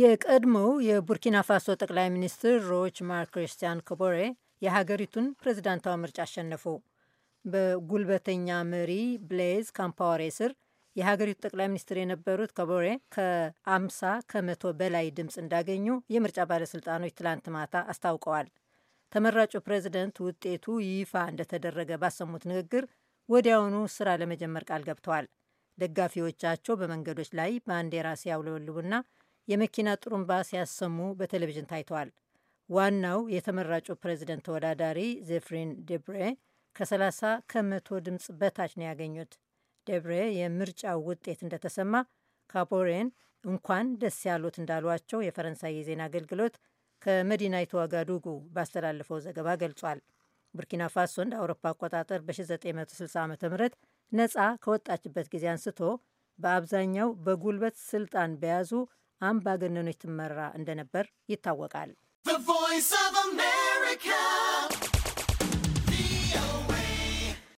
የቀድሞው የቡርኪና ፋሶ ጠቅላይ ሚኒስትር ሮች ማርክ ክርስቲያን ከቦሬ የሀገሪቱን ፕሬዝዳንታዊ ምርጫ አሸነፉ። በጉልበተኛ መሪ ብሌዝ ካምፓወሬ ስር የሀገሪቱ ጠቅላይ ሚኒስትር የነበሩት ከቦሬ ከ50 ከመቶ በላይ ድምፅ እንዳገኙ የምርጫ ባለስልጣኖች ትላንት ማታ አስታውቀዋል። ተመራጩ ፕሬዝደንት ውጤቱ ይፋ እንደተደረገ ባሰሙት ንግግር ወዲያውኑ ስራ ለመጀመር ቃል ገብተዋል። ደጋፊዎቻቸው በመንገዶች ላይ ባንዲራ ሲያውለበልቡና የመኪና ጥሩምባ ሲያሰሙ በቴሌቪዥን ታይተዋል። ዋናው የተመራጩ ፕሬዚደንት ተወዳዳሪ ዜፍሪን ዴብሬ ከ30 ከመቶ ድምፅ በታች ነው ያገኙት። ደብሬ የምርጫው ውጤት እንደተሰማ ካፖሬን እንኳን ደስ ያሉት እንዳሏቸው የፈረንሳይ የዜና አገልግሎት ከመዲናይቱ ዋጋዱጉ ባስተላለፈው ዘገባ ገልጿል። ቡርኪና ፋሶ እንደ አውሮፓ አቆጣጠር በ1960 ዓ ም ነጻ ከወጣችበት ጊዜ አንስቶ በአብዛኛው በጉልበት ስልጣን በያዙ አምባገነኖች ትመራ እንደነበር ይታወቃል።